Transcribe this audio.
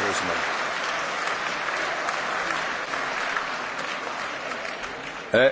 Ευχαριστούμε. Ε,